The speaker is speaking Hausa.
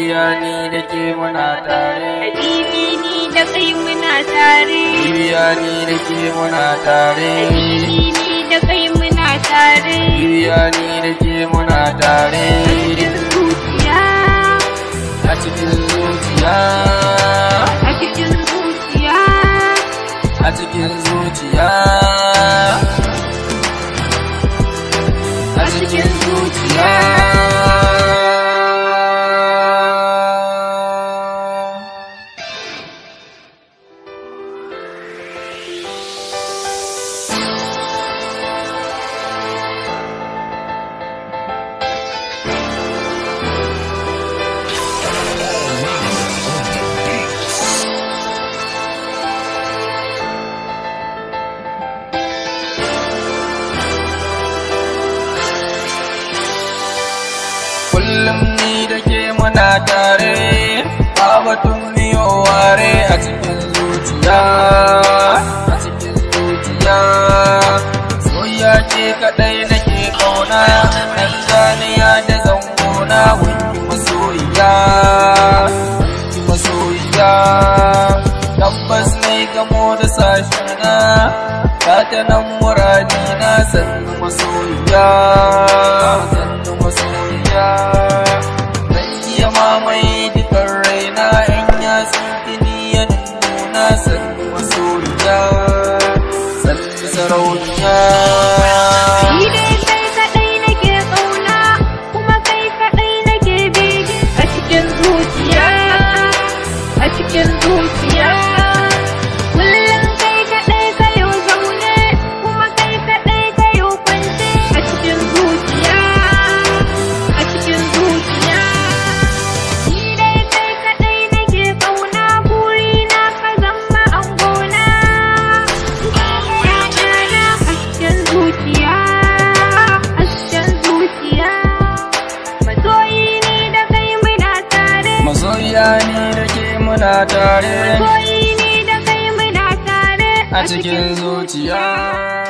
Amarya da ke muna tare. Habibi ni da kai muna tare. Bibiya da ke muna tare. Habibi ni da kai muna tare. Bibiya da ke muna tare. A cikin zuciya. A cikin zuciya. A cikin zuciya. A cikin zuciya. A cikin zuciya. batun miyo ware a cikin zuciya a cikin zuciya soyayya ce kadai nake kauna dan zaniya da zangona wani masoyiya masoyiya tabbas mai gamo da sashina ta ta nan muradina sannu masoyiya sarauniya gida ni da ke muna tare. Koyi ni da kai muna tare. A cikin zuciya.